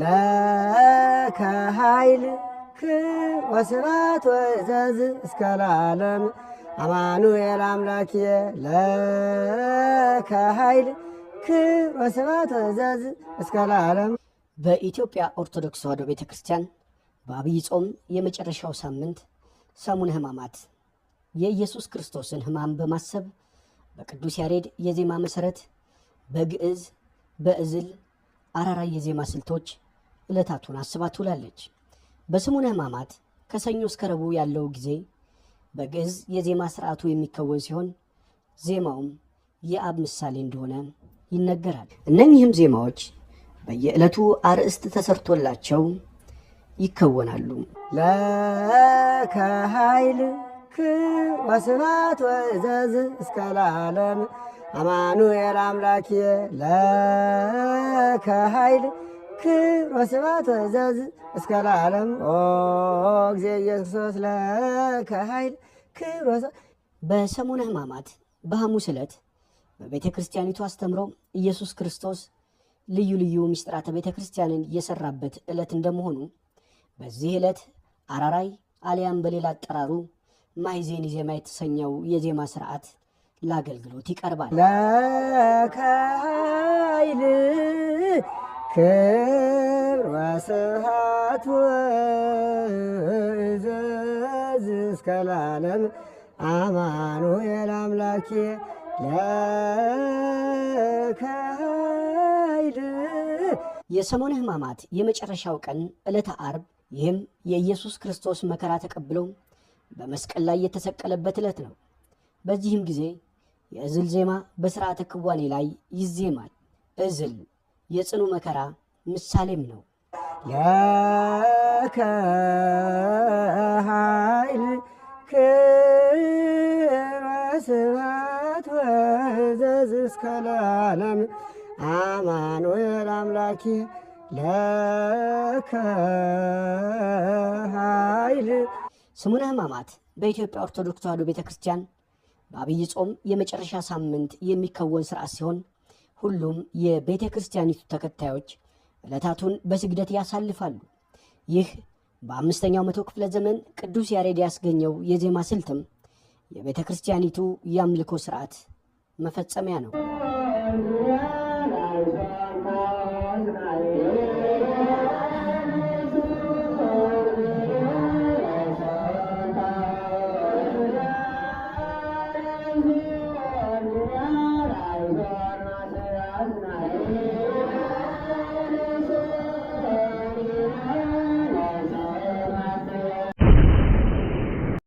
ለከ ኃይል እስከ ለዓለም አማኑኤል ለከ ኃይል እስከ ለዓለም። በኢትዮጵያ ኦርቶዶክስ ተዋህዶ ቤተ ክርስቲያን በአብይ ጾም የመጨረሻው ሳምንት ሰሙነ ሕማማት የኢየሱስ ክርስቶስን ሕማም በማሰብ በቅዱስ ያሬድ የዜማ መሠረት በግዕዝ በእዝል አራራ የዜማ ስልቶች ዕለታቱን አስባ ትውላለች። በሰሙነ ሕማማት ከሰኞ እስከ ረቡዕ ያለው ጊዜ በግዕዝ የዜማ ስርዓቱ የሚከወን ሲሆን ዜማውም የአብ ምሳሌ እንደሆነ ይነገራል። እነኚህም ዜማዎች በየዕለቱ አርእስት ተሰርቶላቸው ይከወናሉ። ለከ ኃይል ክወስብሐት ወዕዘዝ እስከ ለዓለም አማኑኤል አምላክየ ለከ ኃይል ክብር ወስብሐት ወዕዘዝ እስከ ለዓለም ኦ እግዚእ ኢየሱስ ለከ ኃይል ክብር። በሰሙነ ሕማማት በሐሙስ ዕለት በቤተ ክርስቲያኒቱ አስተምሮ ኢየሱስ ክርስቶስ ልዩ ልዩ ምስጢራተ ቤተ ክርስቲያንን የሰራበት ዕለት እንደመሆኑ በዚህ ዕለት አራራይ አሊያም በሌላ አጠራሩ ማይዜን ዜማ የተሰኘው የዜማ ስርዓት ለአገልግሎት ይቀርባል። ለከ ኃይል ክብር ወስብሐት ወእዘዝ እስከ ለዓለም አማኑኤል አምላኬ ለከ ሕማማት የመጨረሻው ቀን ዕለተ ዓርብ፣ ይህም የኢየሱስ ክርስቶስ መከራ ተቀብሎ በመስቀል ላይ የተሰቀለበት ዕለት ነው። በዚህም ጊዜ የእዝል ዜማ በሥርዓተ ክዋኔ ላይ ይዜማል። እዝል የጽኑ መከራ ምሳሌም ነው። ለከ ኃይል ክብረ ወዘዝ እስከ ለዓለም አማኑኤል አምላኪ ለከ ኃይል። ሰሙነ ሕማማት በኢትዮጵያ ኦርቶዶክስ ተዋሕዶ ቤተ ክርስቲያን በአብይ ጾም የመጨረሻ ሳምንት የሚከወን ስርዓት ሲሆን ሁሉም የቤተ ክርስቲያኒቱ ተከታዮች ዕለታቱን በስግደት ያሳልፋሉ። ይህ በአምስተኛው መቶ ክፍለ ዘመን ቅዱስ ያሬድ ያስገኘው የዜማ ስልትም የቤተ ክርስቲያኒቱ የአምልኮ ስርዓት መፈጸሚያ ነው።